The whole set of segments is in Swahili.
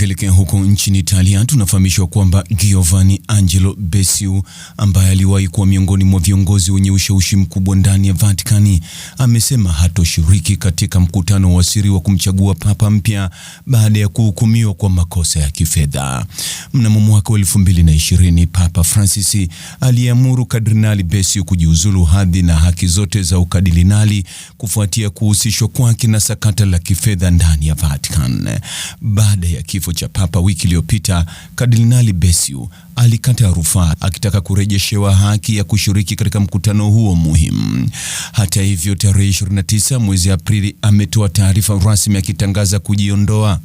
Tukielekea huko nchini Italia, tunafahamishwa kwamba Giovanni Angelo Besiu ambaye aliwahi kuwa miongoni mwa viongozi wenye ushawishi mkubwa ndani ya Vatikani amesema hatoshiriki katika mkutano wa siri wa kumchagua papa mpya baada ya kuhukumiwa kwa makosa ya kifedha. Mnamo mwaka 2020, Papa Francis aliamuru Kardinali Besiu kujiuzulu hadhi na haki zote za ukadilinali kufuatia kuhusishwa kwake na sakata la kifedha ndani ya Vatican. Baada ya kifo kifo cha Papa wiki iliyopita, Kardinali Besiu alikata rufaa akitaka kurejeshewa haki ya kushiriki katika mkutano huo muhimu. Hata hivyo, tarehe 29 mwezi Aprili ametoa taarifa rasmi akitangaza kujiondoa.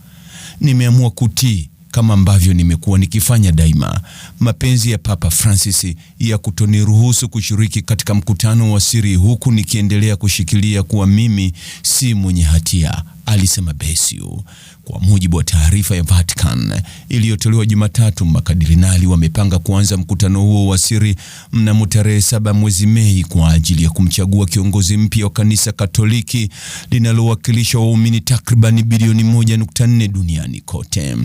Nimeamua kutii kama ambavyo nimekuwa nikifanya daima, mapenzi ya Papa Francis ya kutoniruhusu kushiriki katika mkutano wa siri, huku nikiendelea kushikilia kuwa mimi si mwenye hatia, alisema Besiu. Kwa mujibu wa taarifa ya Vatican iliyotolewa Jumatatu, makadirinali wamepanga kuanza mkutano huo wa siri mnamo tarehe saba mwezi Mei kwa ajili ya kumchagua kiongozi mpya wa kanisa Katoliki linalowakilisha waumini takribani bilioni 1.4 duniani kote.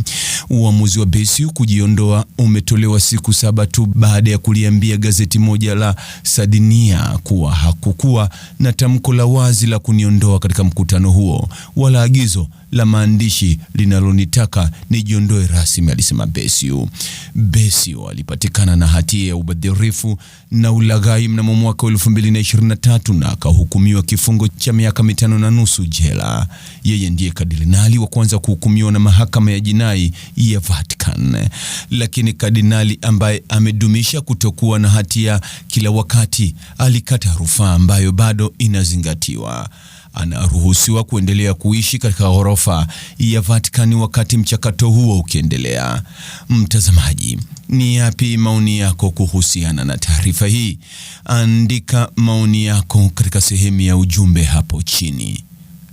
Uamuzi wa Besiu kujiondoa umetolewa siku saba tu baada ya kuliambia gazeti moja la Sardinia kuwa hakukuwa na tamko la wazi la kuniondoa katika mkutano huo wala agizo la maandishi linalonitaka nijiondoe rasmi, alisema Besiu. Besiu alipatikana na hatia ya ubadhirifu na ulaghai mnamo mwaka 2023 na akahukumiwa kifungo cha miaka mitano na nusu jela. Yeye ndiye kardinali wa kwanza kuhukumiwa na mahakama ya jinai ya Vatican, lakini kardinali ambaye amedumisha kutokuwa na hatia kila wakati alikata rufaa ambayo bado inazingatiwa anaruhusiwa kuendelea kuishi katika ghorofa ya Vatican wakati mchakato huo ukiendelea. Mtazamaji, ni yapi maoni yako kuhusiana na taarifa hii? Andika maoni yako katika sehemu ya ujumbe hapo chini.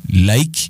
Like,